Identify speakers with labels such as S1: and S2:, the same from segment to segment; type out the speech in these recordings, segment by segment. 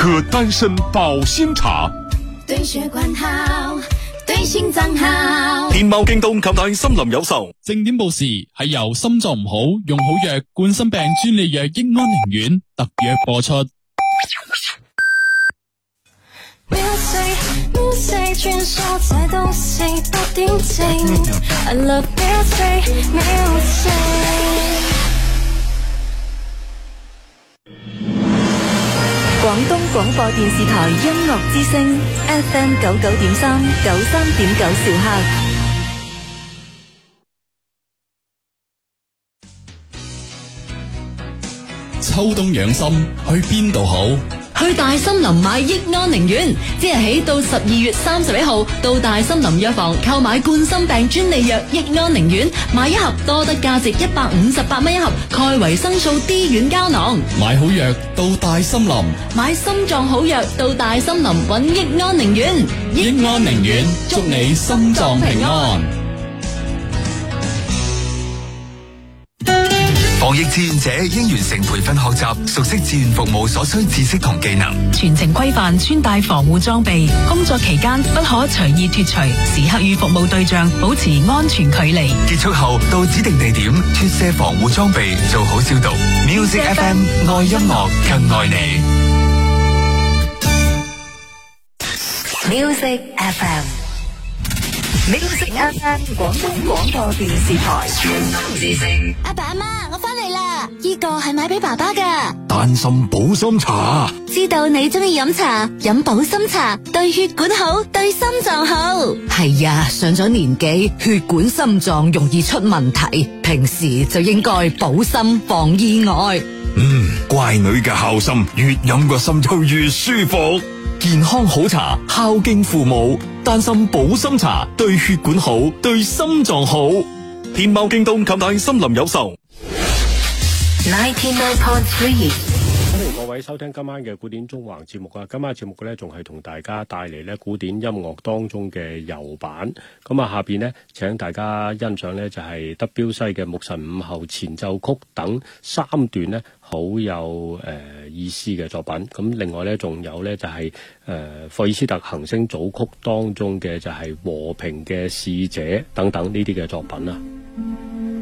S1: 可丹參保心茶，
S2: 對血管好，對心臟好。
S1: 天貓、京東購買森林有售。正點報時係由心臟唔好用好藥，冠心病專利藥益安寧丸特約播出。
S3: 廣東廣播電視台音樂之聲 FM 九九點三九三點九，兆赫。
S1: 秋冬養心去邊度好？
S3: 去大森林買益安寧丸，即日起到十二月三十一號到大森林藥房購買冠心病專利藥益安寧丸，買一盒多得價值一百五十八蚊一盒鈣維生素 D 軟膠囊。
S1: 買好藥到大森林，
S3: 買心臟好藥到大森林，搵益安寧丸，
S1: 益安寧丸祝你心臟平安。防疫志願者應完成培訓學習，熟悉志願服務所需知識同技能，
S3: 全程規範穿戴防護裝備，工作期間不可隨意脱除，時刻與服務對象保持安全距離。
S1: 結束後到指定地點脱卸防護裝備，做好消毒。Music, Music FM 愛音樂更愛你。Music
S2: FM。
S3: Music FM，廣
S4: 東廣播電視台全新
S2: 之聲。阿爸阿媽，我翻嚟啦！依個係買俾爸爸噶。
S3: 丹
S1: 心保心茶，
S2: 知道你中意飲茶，飲保心茶對血管好，對心臟好。係呀，上咗年紀，血管心臟容易出問題，平時就應該保心防意外。
S1: 嗯，乖女嘅孝心，越飲個心就越舒服。健康好茶，孝敬父母；丹心補心茶，對血管好，對心臟好。天貓、京東、近代森林有售。
S5: 19.3歡迎各位收聽今晚嘅古典縱橫節目啊！今晚節目呢，仲係同大家帶嚟咧古典音樂當中嘅柔板。咁啊，下邊呢，請大家欣賞呢，就係德彪西嘅《牧神午後前奏曲》等三段咧。好有誒意思嘅作品，咁另外呢、就係，仲有呢，就係誒霍爾斯特《行星組曲》當中嘅就係、係、和平嘅使者等等呢啲嘅作品。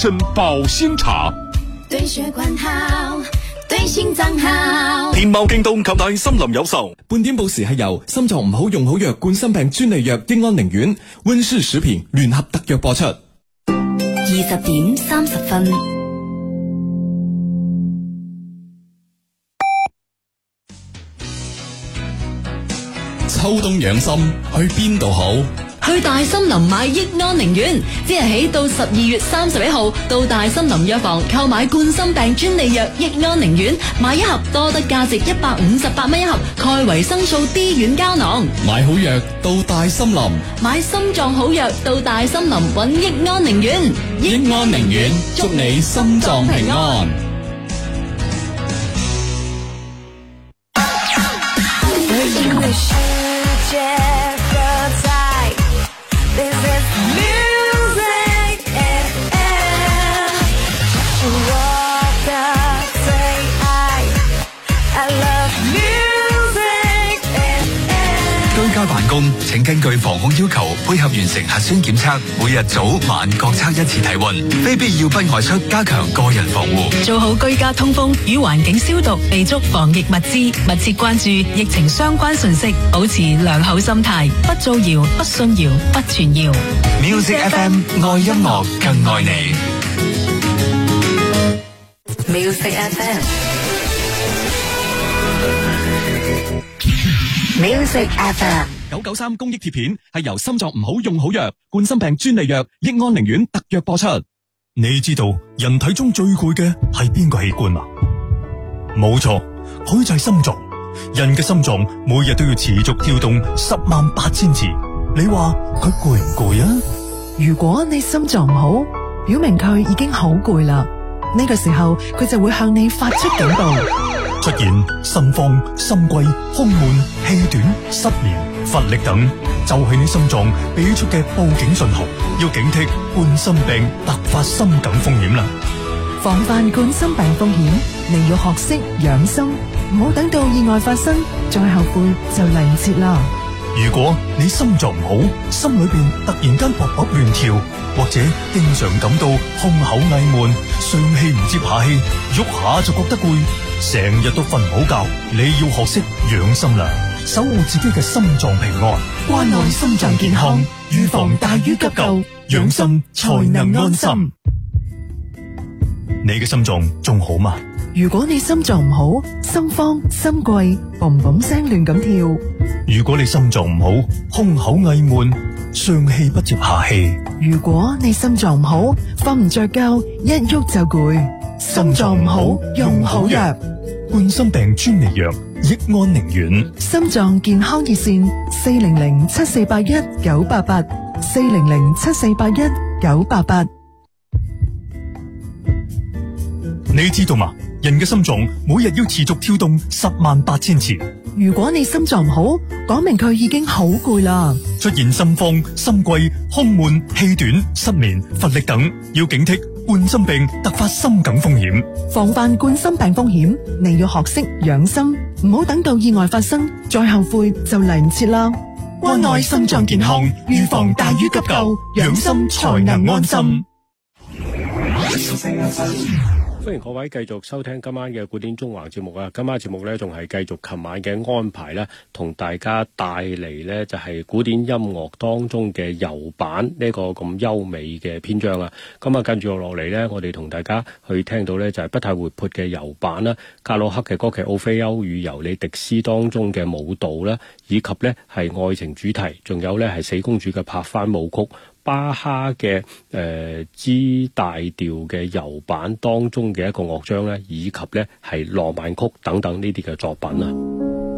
S1: 參寶鮮茶，
S2: 對血管好，對心臟好。
S1: 天貓、京東、及大森林有售。半點報時係由心臟唔好用好藥，冠心病專利藥益安寧丸、溫舒薯片聯合特約播出。二
S3: 十點三十分，
S1: 秋冬養心去邊度好？
S3: 去大森林買益安寧丸，即日起到十二月三十一號，到大森林藥房購買冠心病專利藥益安寧丸，買一盒多得價值一百五十八蚊一盒鈣維生素 D 軟膠囊。
S1: 買好藥到大森林，
S3: 買心臟好藥到大森林，搵益安寧丸，
S1: 益安寧丸祝你心臟平安。根據防控要求，配合完成核酸檢測，每日早晚各測一次體溫，非必要不外出，加強個人防護，
S3: 做好居家通風與環境消毒，備足防疫物資，密切關注疫情相關信息，保持良好心態，不造謠、不信謠、不傳謠。
S1: Music FM 愛音樂更愛你。Music
S2: FM。
S1: Music FM。 九九三公益貼片係由心臟唔好，用好藥，冠心病專利藥益安寧丸特約播出。你知道人體中最攰嘅係邊個器官啊？冇錯，佢就係心臟。人嘅心臟每日都要持續跳動十萬八千次。你話佢攰唔攰啊？
S3: 如果你心臟唔好，表明佢已經好攰啦。呢個時候佢就會向你發出警告，
S1: 出現心慌、
S3: 心悸、胸悶、
S1: 氣短、失眠。乏力等就係你心臟俾出嘅報警信號，要警惕冠心病突發心梗風險啦。
S3: 防範冠心病風險，你要學識養心，唔好等到意外發生再後悔就嚟唔切啦。
S1: 如果你心臟唔好，心裏邊突然間搏搏亂跳，或者經常感到胸口翳悶、上氣唔接下氣、喐下就覺得攰，成日都瞓唔好覺，你要學識養心啦。守護自己嘅心臟平安，關愛心臟健康，預防大於急救，養心才能安心。你嘅心臟仲好嗎？
S3: 如果你心臟唔好，心慌心悸，嘣嘣聲亂咁跳；
S1: 如果你心臟唔好，胸口翳悶，上氣不接下氣；
S3: 如果你心臟唔好，瞓唔着覺，一喐就攰，心臟唔好用好藥，冠心
S1: 病專利藥。益安寧丸
S3: 心臟健康熱線：四零零七四八一九八八，四零零七四八一九八八。
S1: 你知道嗎？人嘅心臟每日要持續跳動十萬八千次。
S3: 如果你心臟唔好，講明佢已經好攰啦。
S1: 出現心慌、心悸、胸悶、氣短、失眠、乏力等，要警惕。冠心病突發心梗風險，
S3: 防範冠心病風險，你要學識養心，唔好等到意外發生再後悔就嚟唔切啦。關愛
S1: 心臟健康，預防大於急救，養心才能安心。
S5: 歡迎各位繼續收聽今晚嘅古典縱橫節目啊！今晚節目呢，仲係繼續琴晚嘅安排咧，同大家帶嚟呢，就係、是、古典音樂當中嘅柔板呢、這個咁優美嘅篇章啊！咁、嗯、啊，跟住落嚟呢，我哋同大家去聽到呢，就係、是、不太活潑嘅柔板啦，格魯克嘅歌劇《奧菲歐》與尤里迪斯當中嘅舞蹈啦，以及呢係愛情主題，仲有呢係死公主嘅帕凡舞曲。巴哈嘅誒、呃、G 大調嘅柔板當中嘅一個樂章咧，以及咧係浪漫曲等等呢啲嘅作品啊。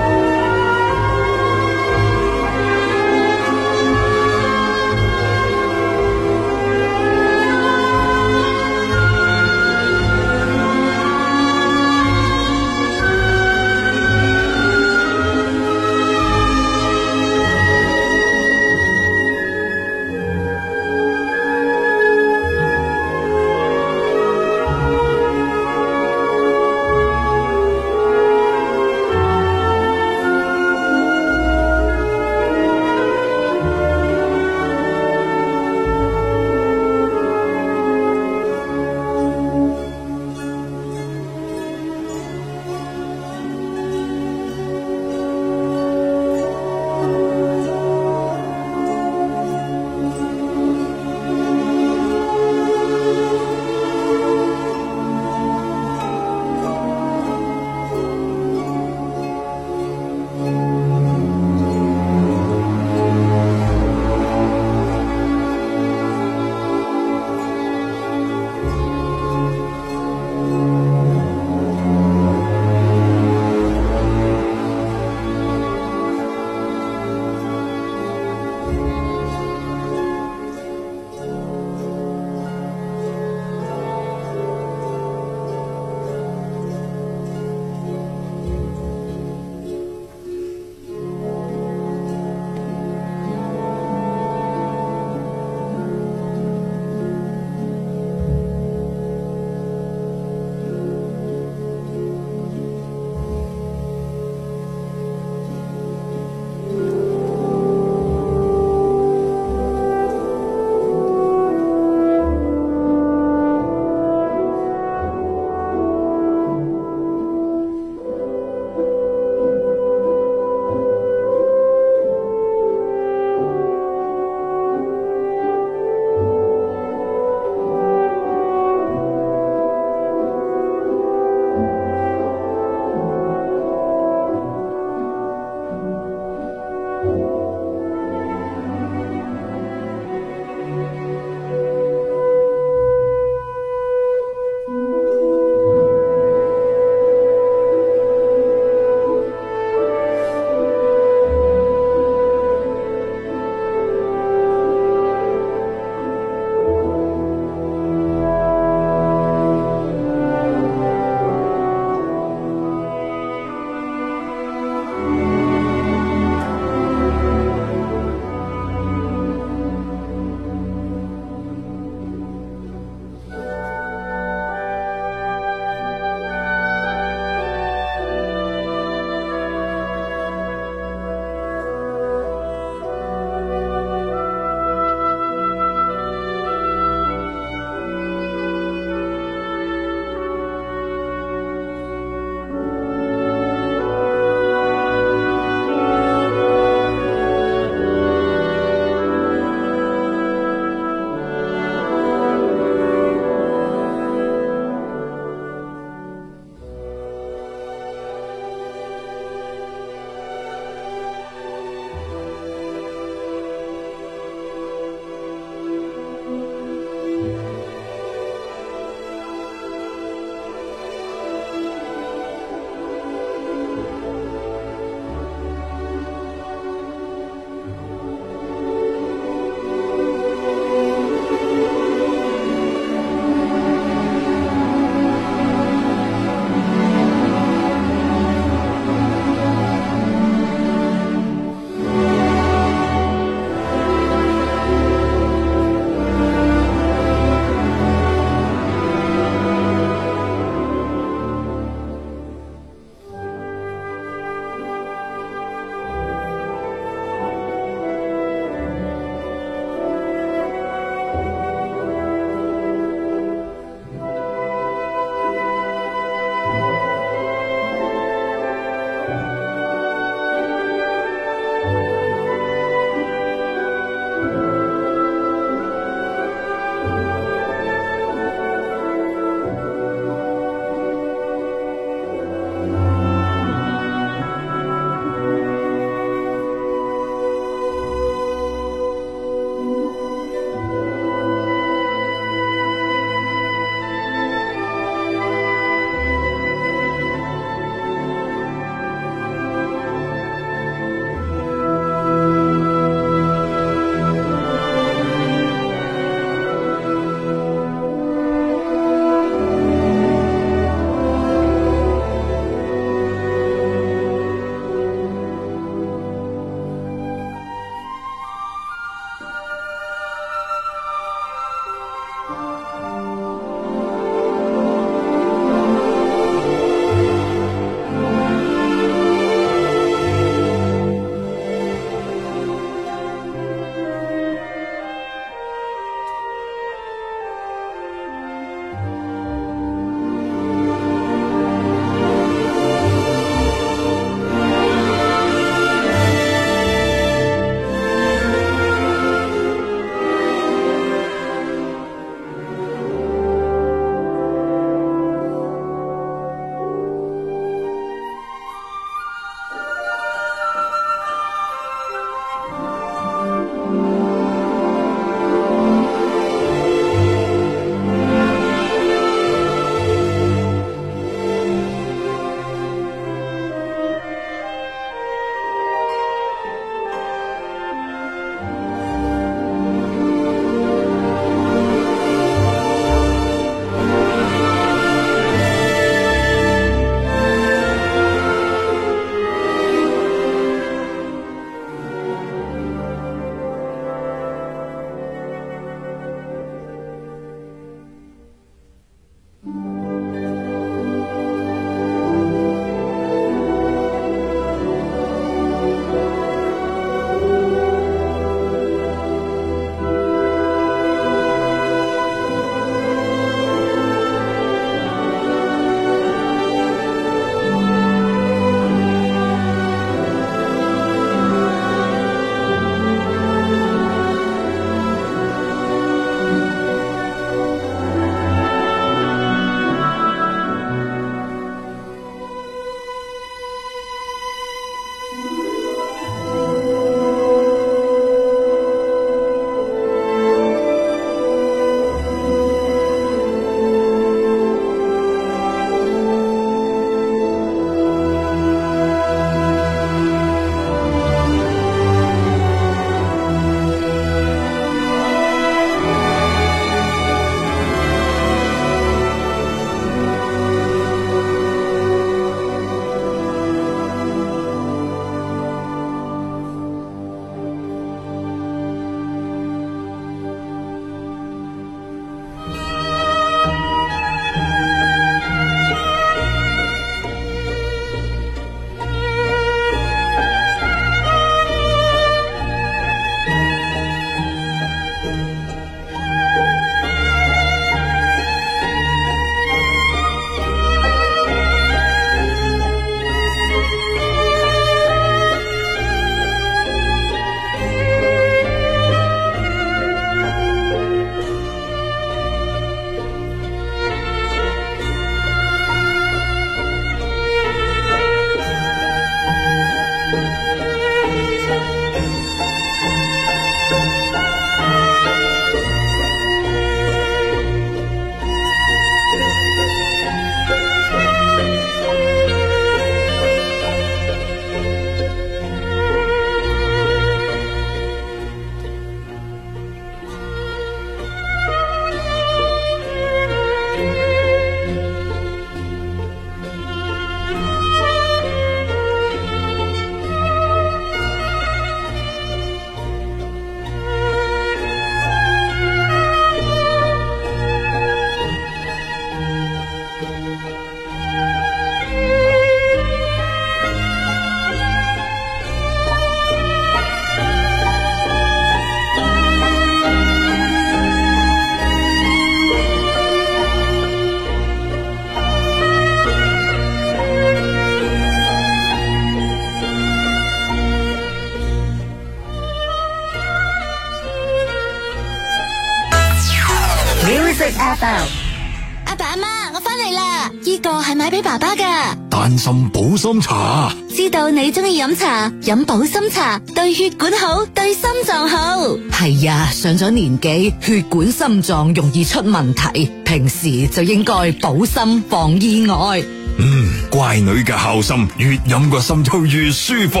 S1: 心茶，
S2: 知道你中意飲茶，飲保心茶對血管好，對心臟好。係呀，上咗年紀，血管心臟容易出問題，平時就應該保心
S1: 防意外。嗯，乖女嘅孝心，越飲個心就越舒服。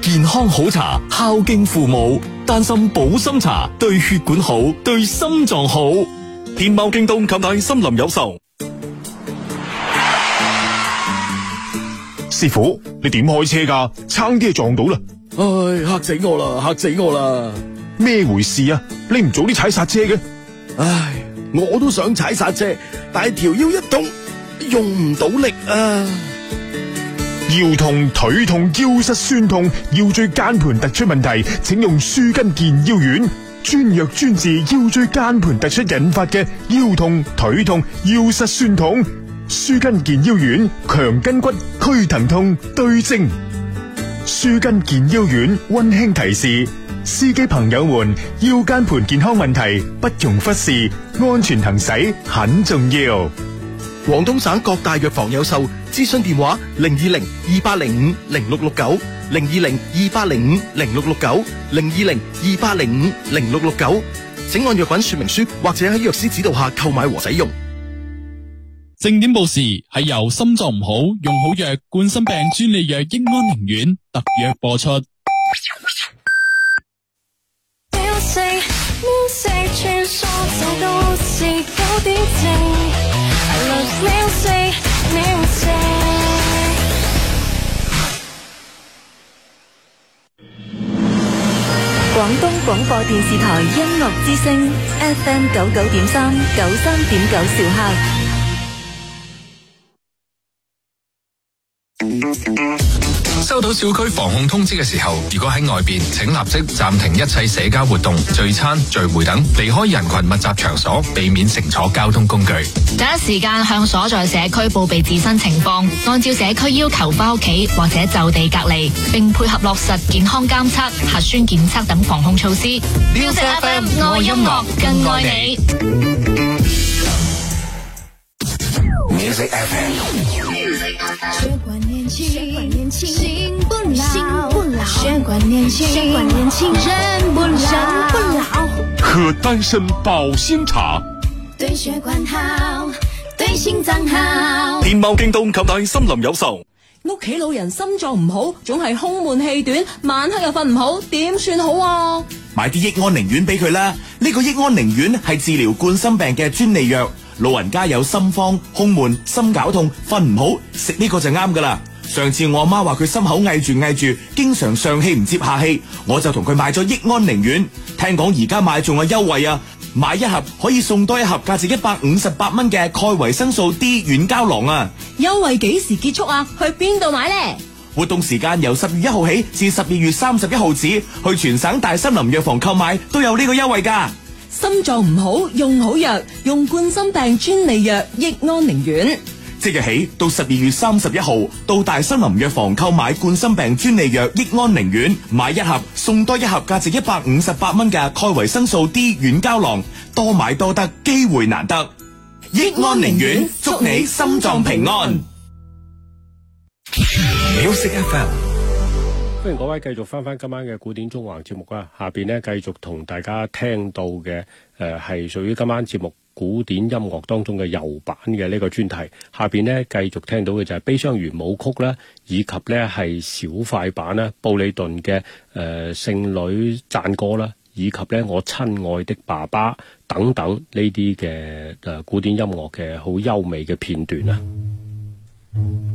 S1: 健康好茶，孝敬父母，丹心保心茶對血管好，對心臟好。天貓、京東、及大森林有售。師傅，你點開車㗎？差啲就撞到啦！唉、哎，嚇死我啦！嚇死我啦！咩回事啊？你唔早啲踩刹車嘅？唉、哎，我都想踩刹車，但係條腰一動，用唔到力啊！腰痛腿痛腰膝酸痛，腰膝酸痛、腰椎間盤突出問題，請用舒筋健腰丸，專藥專治腰椎間盤突出引發嘅腰痛腿痛腰膝酸痛，舒筋健腰丸強筋骨。推疼痛對症，舒筋健腰丸溫馨提示：司機朋友們，腰間盤健康問題不容忽視，安全行駛很重要。廣東省各大藥房有售，諮詢電話：零二零二八零五零六六九，零二零二八零五零六六九，零二零二八零五零六六九，請按藥品說明書或者喺藥師指導下購買和使用。正點報時係由，心臟唔好用好藥，冠心病專利藥益安寧丸特約播出。
S3: 廣東廣播電視台音樂之聲 FM 九九點三九三點九兆赫。
S4: 收到小區防
S1: 控通知嘅時候，如果喺外邊，請立即暫停一切社交活動、聚餐、聚會等，離開人群密集場所，避免乘坐交通工具，
S2: 第一時間向所在社區報備自身情況，按照社區要求返屋企或者就地隔離，並配合落實健康監測、核酸檢測等防控措施。Music FM 愛音樂，更愛你。
S4: Music
S2: FM。血管，血管年輕，心不老；血管，血管年輕，人
S1: 不老。喝丹參保心茶，
S2: 對血管好，對心臟好。
S1: 天貓、京東、各大森林有售。
S3: 屋企老人心臟唔好，總係胸悶氣短，晚黑又瞓唔好，點算好，啊？
S1: 買啲益安寧丸俾佢啦，呢、這個益安寧丸係治療冠心病嘅專利藥。老人家有心慌、胸悶、心絞痛、瞓唔好，食呢個就啱噶啦。上次我阿媽話佢心口翳住翳住，經常上氣唔接下氣，我就同佢買咗益安寧丸。聽講而家買仲有優惠啊！買一盒可以送多一盒，價值一百五十八蚊嘅鈣維生素 D 軟膠囊啊！
S3: 優惠幾時結束啊？去邊度買呢？
S1: 活動時間由十月一號起至十二月三十一號止，去全省大森林藥房購買都有呢個優惠噶。
S3: 心臟唔好，用好藥，用冠心病專利藥益安寧丸。
S1: 即日起到十二月三十一號，到大森林藥房購買冠心病專利藥益安寧丸，買一盒送多一盒，價值一百五十八蚊嘅鈣維生素 D 軟膠囊，多買多得，機會難得。益安寧丸，祝你心臟平安。
S5: 歡迎各位繼續翻翻今晚嘅古典縱橫節目啊。下邊呢，繼續同大家聽到嘅誒係屬於今晚節目古典音樂當中嘅柔板嘅呢個專題，下邊呢，繼續聽到嘅就係、是、悲傷圓舞曲啦，以及呢係小快板啦，布里頓嘅誒聖女讚歌啦，以及呢我親愛的爸爸等等呢啲嘅誒古典音樂嘅好優美嘅片段啊。嗯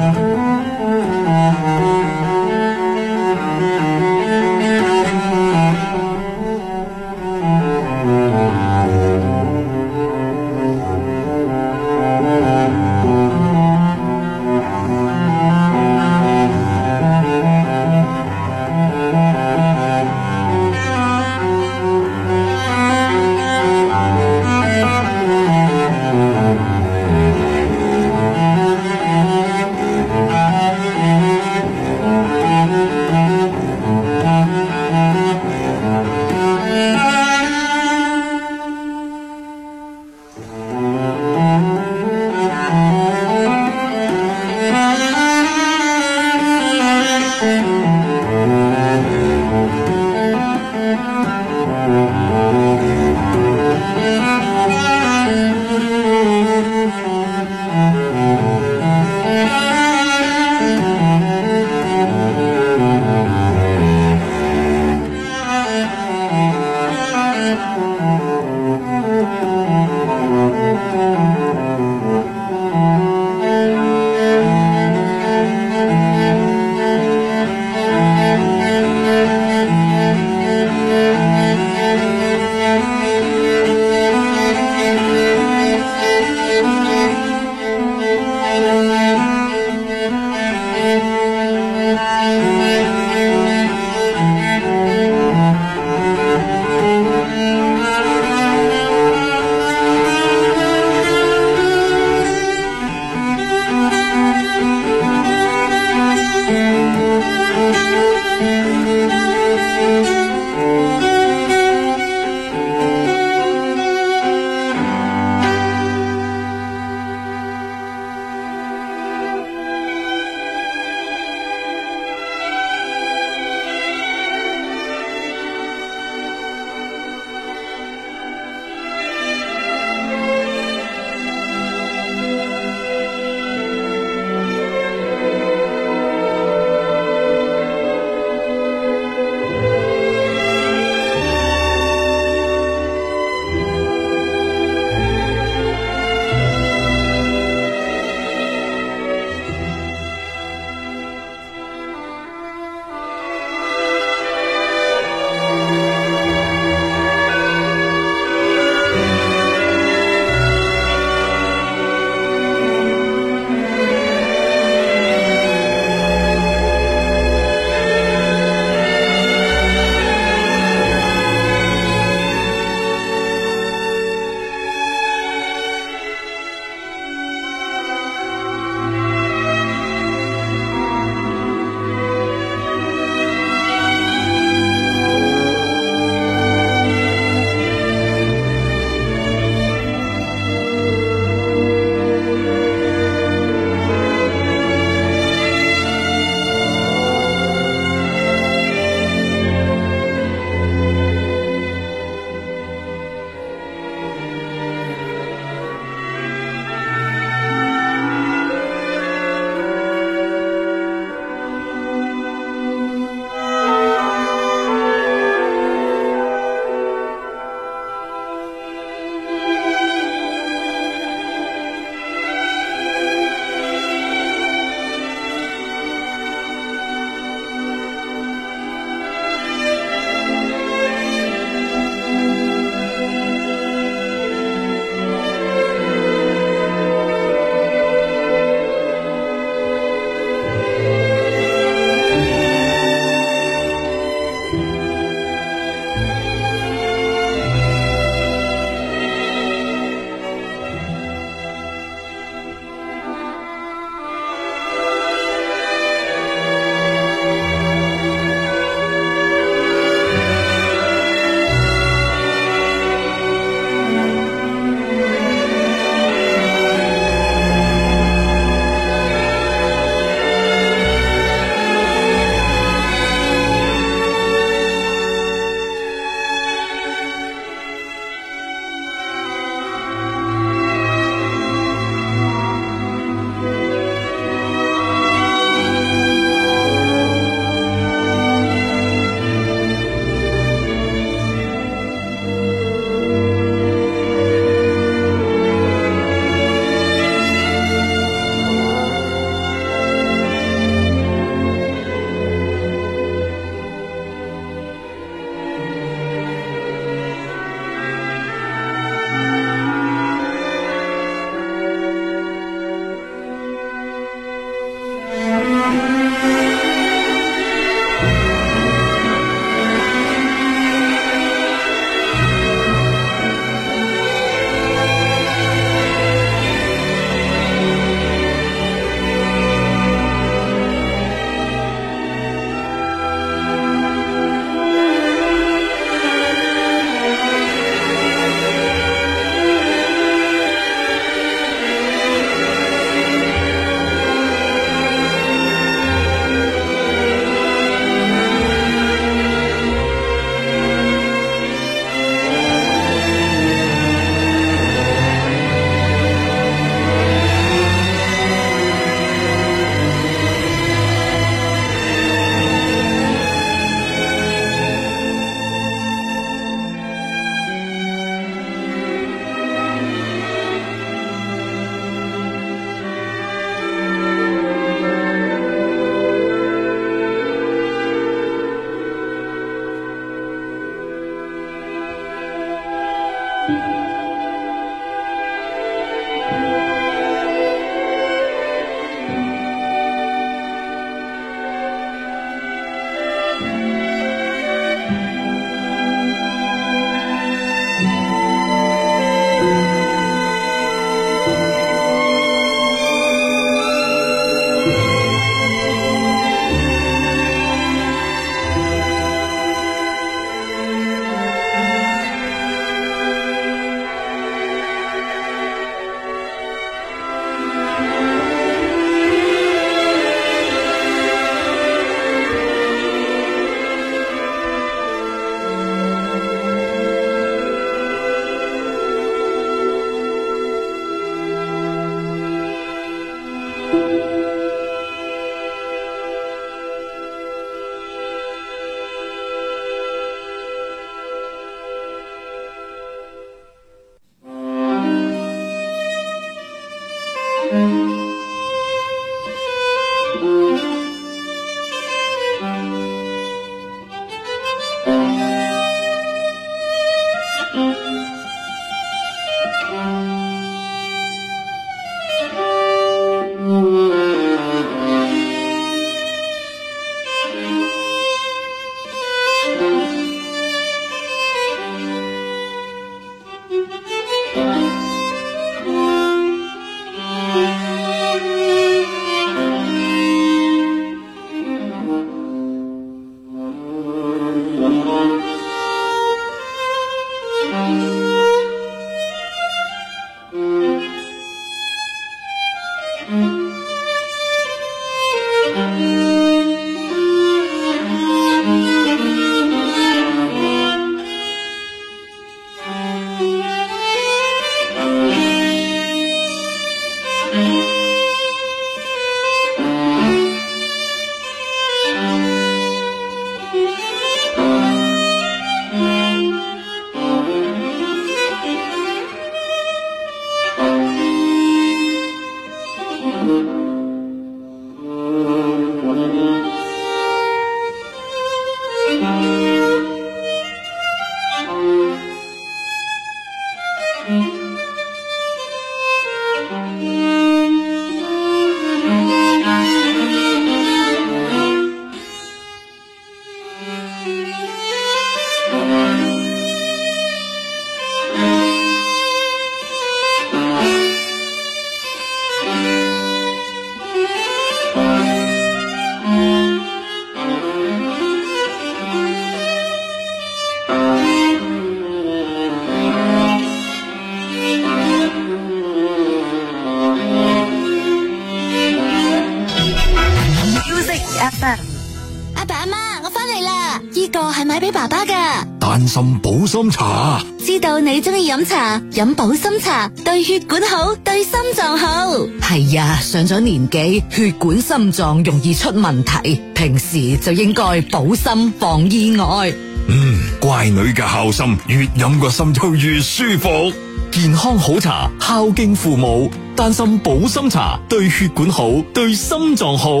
S1: 飲茶，
S2: 知道你中意飲茶，飲保心茶對血管好，對心臟好。係呀，上咗年紀，血管心臟容易出問題，平時就應該保心防意外。
S1: 嗯，乖女嘅孝心，越飲個心就越舒服。健康好茶，孝敬父母，丹心保心茶對血管好，對心臟好。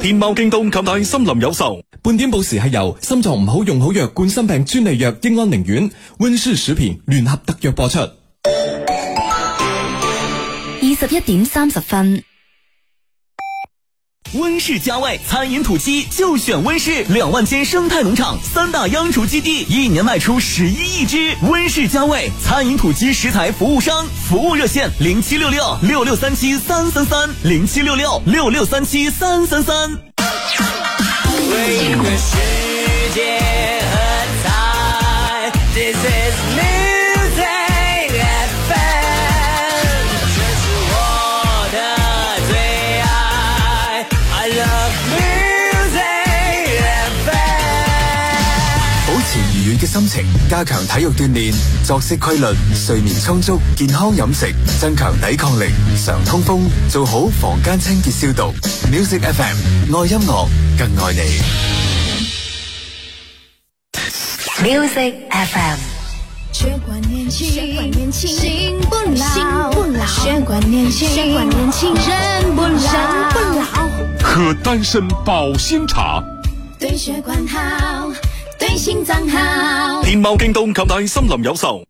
S1: 天貓、京東、購大森林有售。半點報時係由心臟唔好用好藥冠心病專利藥英安寧丸温室食品聯合特約播出。二十一點
S3: 三十分。
S1: 温室加味餐飲土雞就選温室，兩萬間生態農場，三大央廚基地，一年賣出十一億隻。温室加味餐飲土雞食材服務商，服務熱線零七六六六六三七三三三零七六六六六三七三三三。
S4: 為這世界喝彩。
S1: 嘅心情，加強體育鍛煉，作息規律，睡眠充足，健康飲食，增強抵抗力，常通風，做好房間清潔消毒。Music FM，愛音樂更愛你。
S2: Music FM，血管，管年輕，心不老，血管，管年輕，人不老。
S1: 喝丹參保心茶，
S2: 對血管好。
S1: 天貓、京東及大森林有售。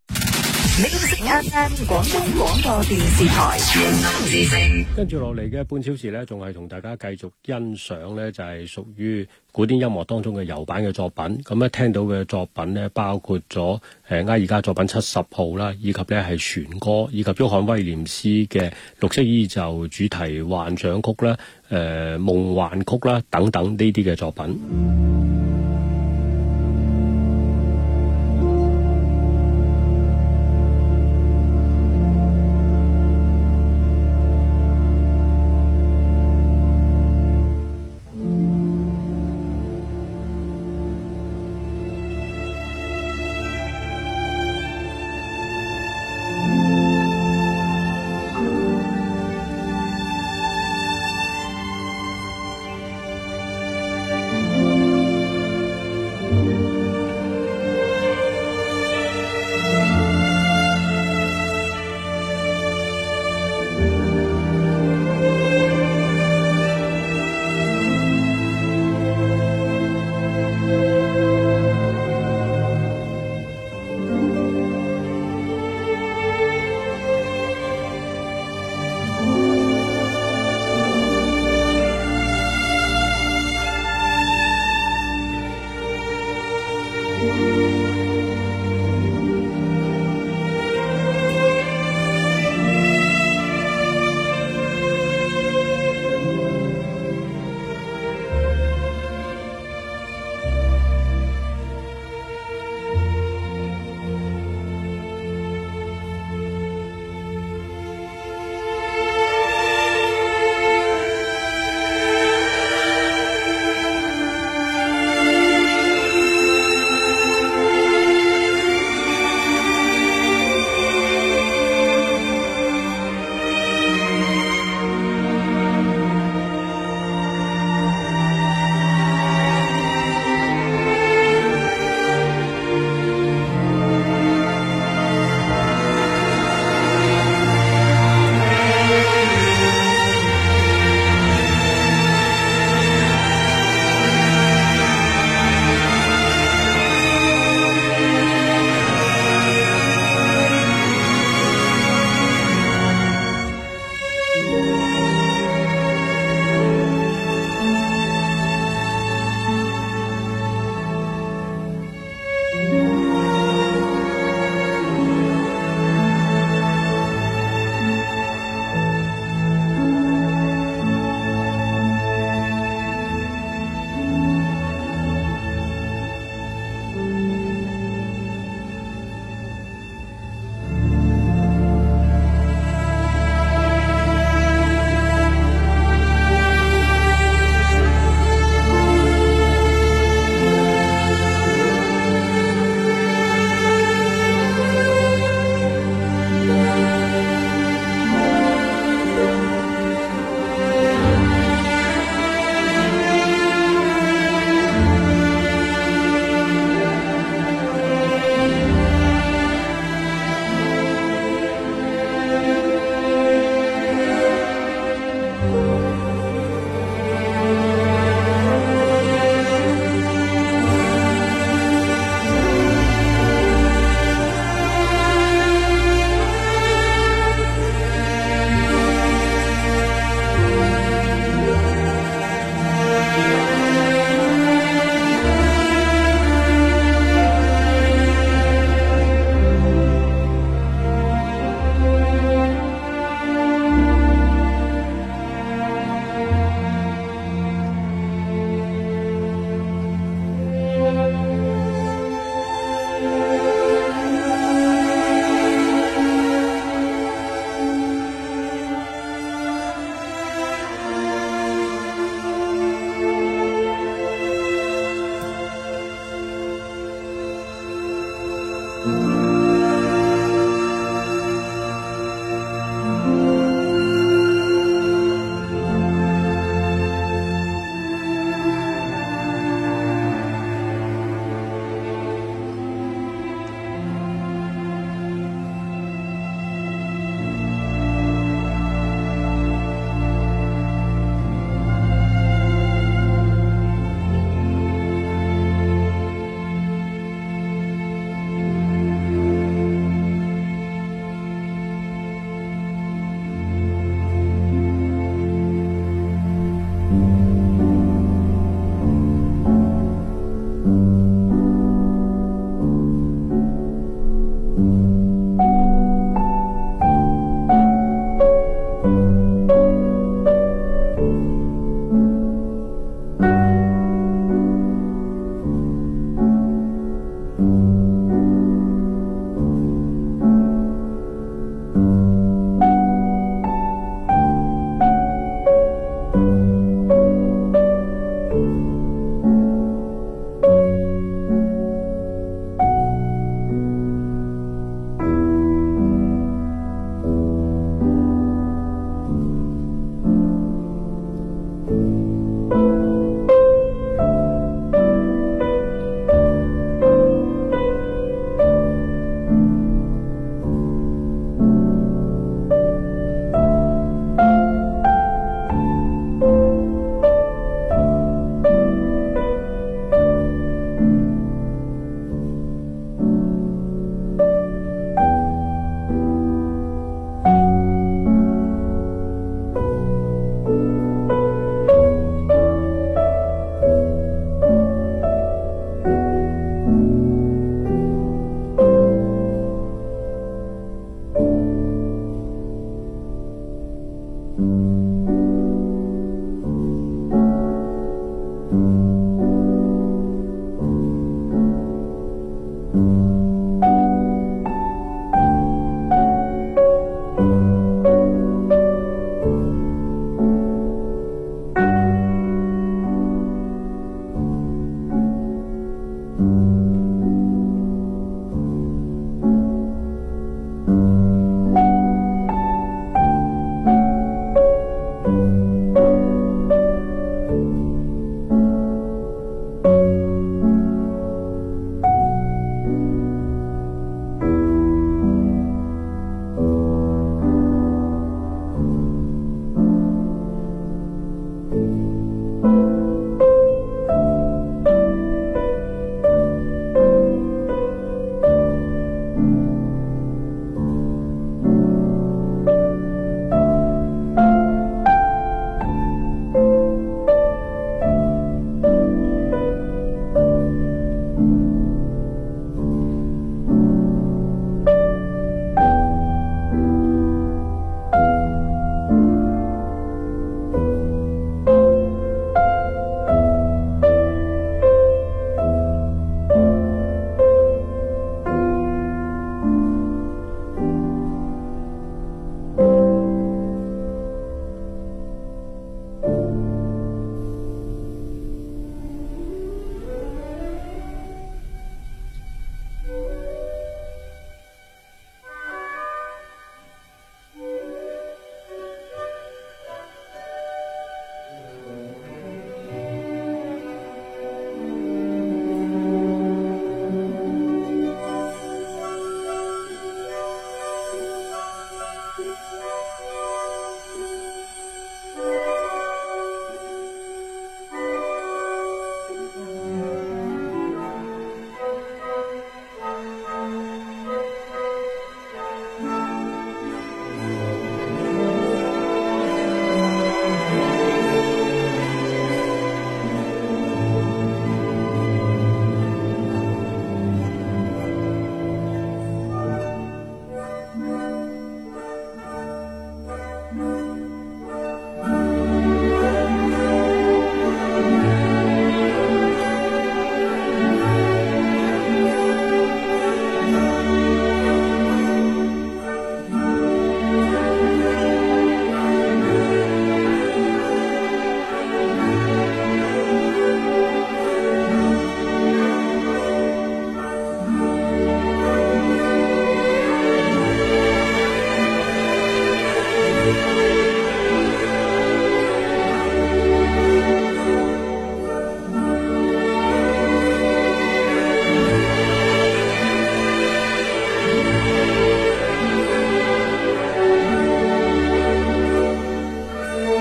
S5: 跟住落嚟嘅半小時呢，仲係同大家繼續欣賞呢，就係、是、屬於古典音樂當中嘅柔板嘅作品。咁、嗯、咧聽到嘅作品呢，包括咗誒埃爾加作品七十號啦，以及呢係船歌，以及約翰威廉斯嘅《綠色衣袖》主題幻想曲啦，誒、呃、夢幻曲啦，等等呢啲嘅作品。嗯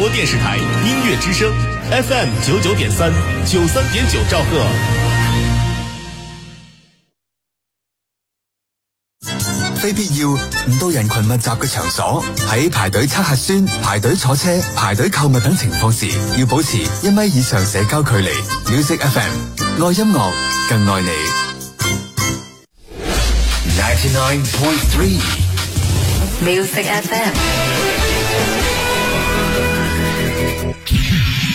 S1: 播電視台音樂之聲，FM 九九點三，九三點九兆赫。非必要唔到人群密集嘅場所，喺排隊測核酸、排隊坐車、排隊購物等情況時，要保持一米以上社交距離。Music FM 愛音樂更愛你。Ninety nine point three Music
S2: FM。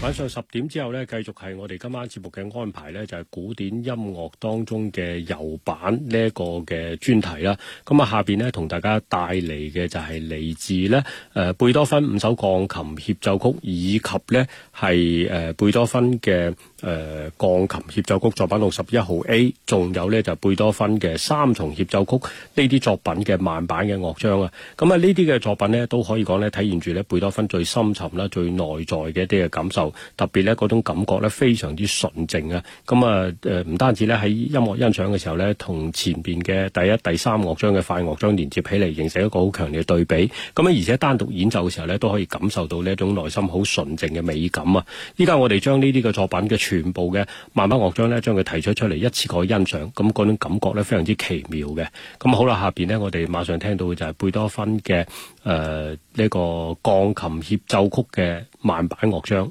S5: 晚上十點之後咧，繼續係我哋今晚節目嘅安排咧，就係、是、古典音樂當中嘅柔板呢一個嘅專題啦。咁啊，下邊咧同大家帶嚟嘅就係嚟自咧誒貝多芬五首鋼琴協奏曲，以及咧係誒貝多芬嘅誒、呃、鋼琴協奏曲作品六十一號 A，仲有咧就是、貝多芬嘅三重協奏曲呢啲作品嘅慢板嘅樂章啊。咁啊，呢啲嘅作品咧都可以講咧，體現住咧貝多芬最深沉啦、最內在嘅一啲嘅感受。特別咧，嗰種感覺咧非常之純淨啊。咁啊，誒、呃，唔單止咧喺音樂欣賞嘅時候咧，同前邊嘅第一、第三樂章嘅快樂章連接起嚟，形成一個好強烈嘅對比。咁啊，而且單獨演奏嘅時候咧，都可以感受到呢一種內心好純淨嘅美感啊。依家我哋將呢啲嘅作品嘅全部嘅慢板樂章咧，將佢提出出嚟一次過欣賞，咁嗰種感覺咧非常之奇妙嘅。咁好啦，下邊呢，我哋馬上聽到就係貝多芬嘅誒呢個鋼琴協奏曲嘅慢板樂章。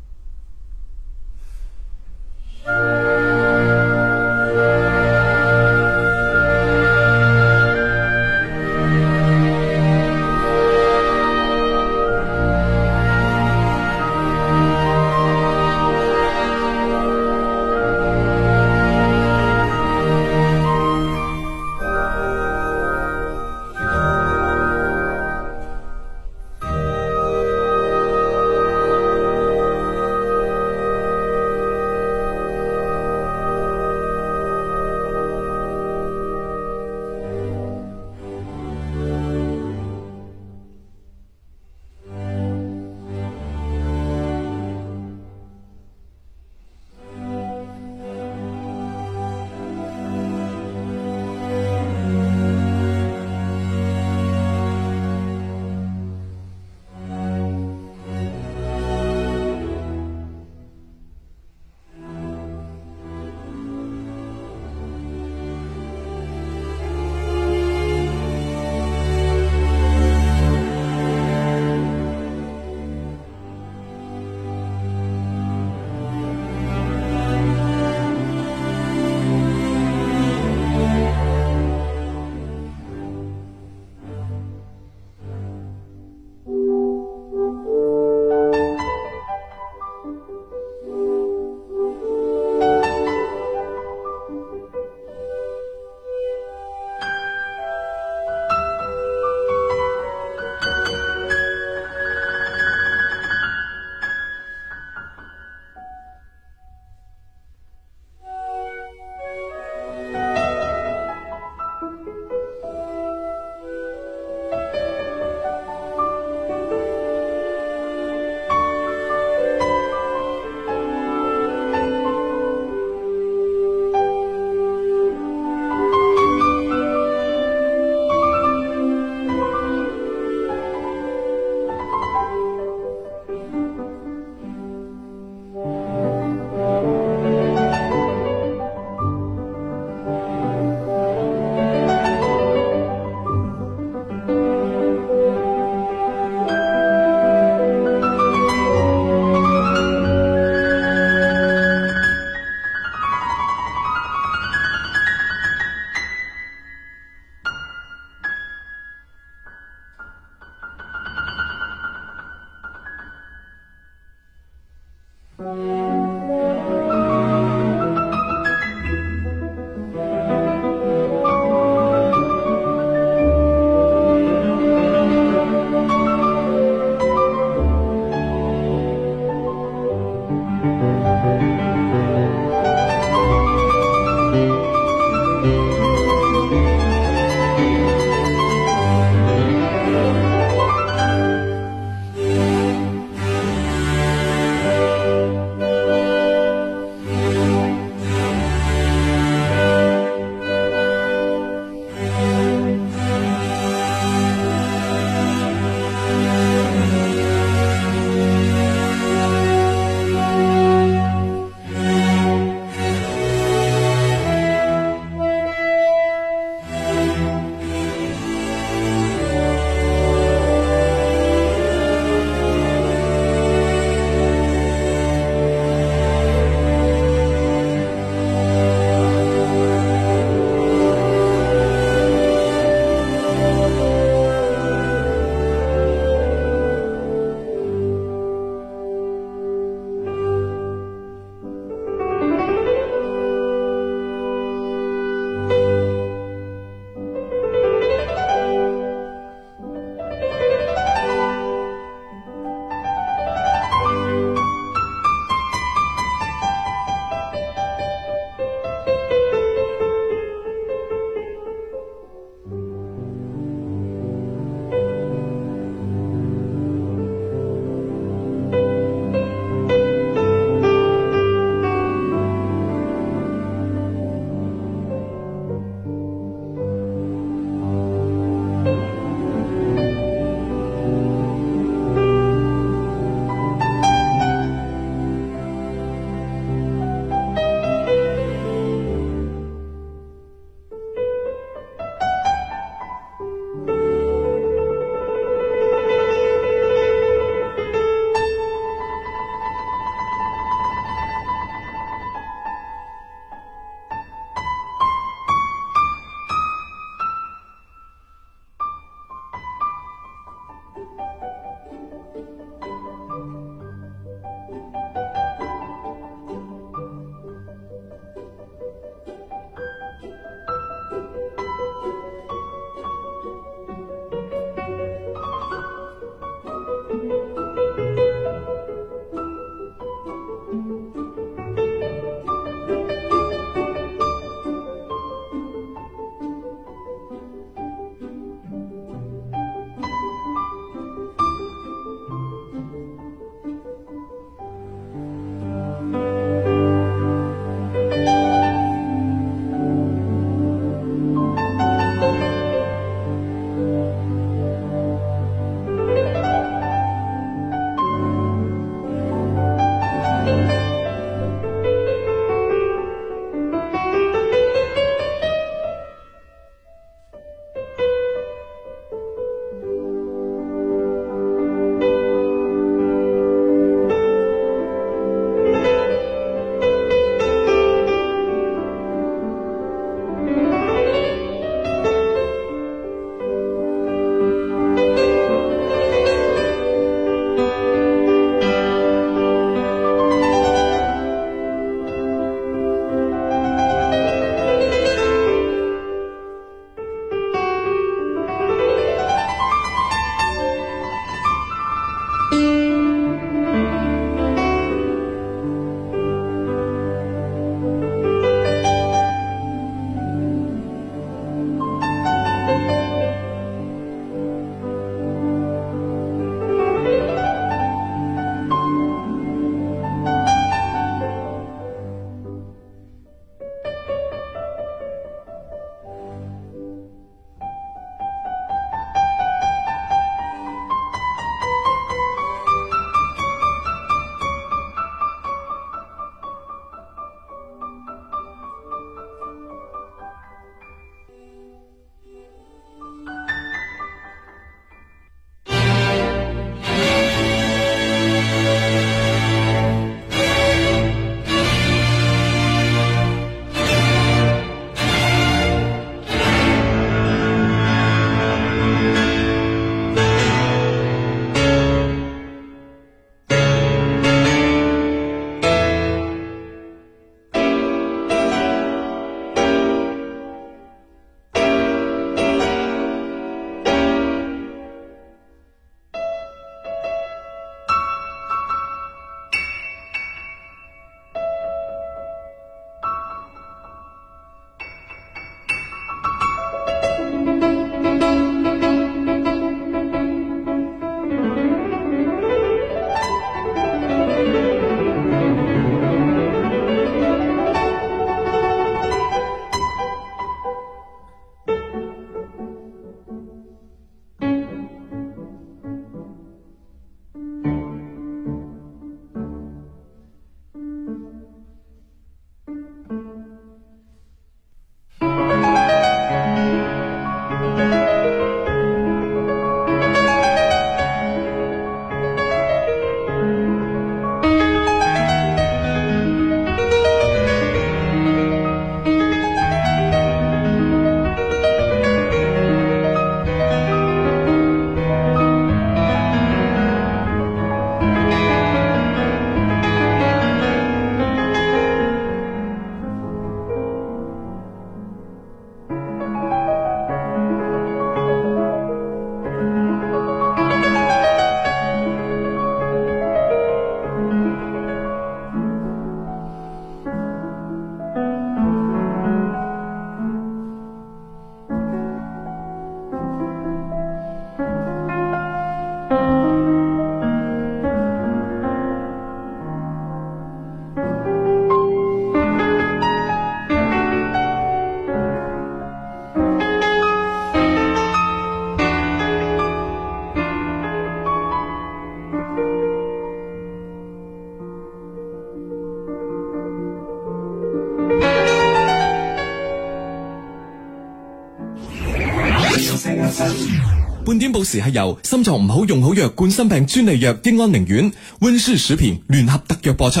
S1: 時係由心臟唔好用好藥，冠心病專利藥益安寧丸溫舒薯片聯合特約播出。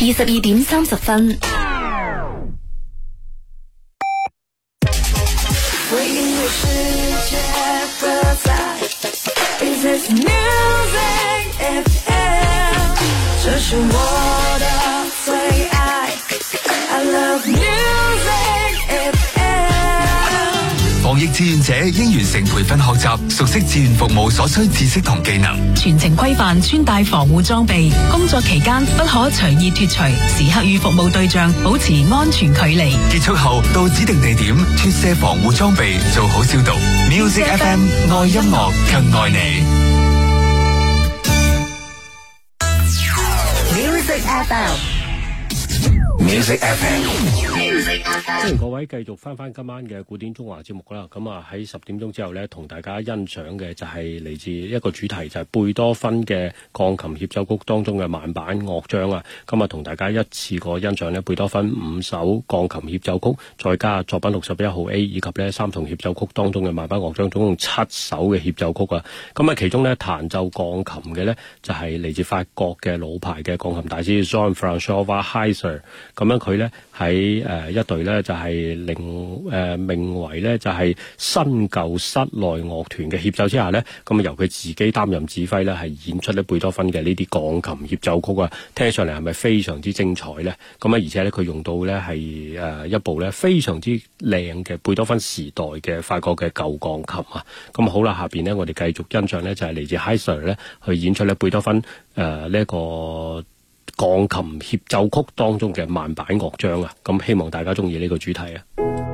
S1: 二
S2: 十二點三十分。
S1: 志願服務所需知識同技能，
S3: 全程規範穿戴防護裝備，工作期間不可隨意脫除，時刻與服務對象保持安全距離。
S1: 結束後到指定地點脫卸防護裝備，做好消毒。Music FM，愛音樂，更愛你。Music
S2: FM。
S4: 歡
S5: 迎各位繼續翻翻今晚嘅古典縱橫節目啦。咁啊喺十點鐘之後呢，同大家欣賞嘅就係嚟自一個主題就係貝多芬嘅鋼琴協奏曲當中嘅慢板樂章啊。今日同大家一次過欣賞呢，貝多芬五首鋼琴協奏曲，再加作品六十一號 A 以及呢三重協奏曲當中嘅慢板樂章，總共七首嘅協奏曲啊。咁啊，其中呢彈奏鋼琴嘅呢，就係嚟自法國嘅老牌嘅鋼琴大師 Jean-François Heisser 咁樣佢咧喺一隊咧就係令誒名為咧就係新舊室內樂團嘅協奏之下呢，咁由佢自己擔任指揮咧，係演出咧貝多芬嘅呢啲鋼琴協奏曲啊，聽上嚟係咪非常之精彩呢？咁啊而且咧佢用到咧係一部咧非常之靚嘅貝多芬時代嘅法國嘅舊鋼琴啊！咁好啦，下面呢，我哋繼續欣賞呢就係嚟自 HiSir 咧去演出咧貝多芬誒呢一個。鋼琴協奏曲當中嘅慢板樂章啊，咁希望大家中意呢個主題啊。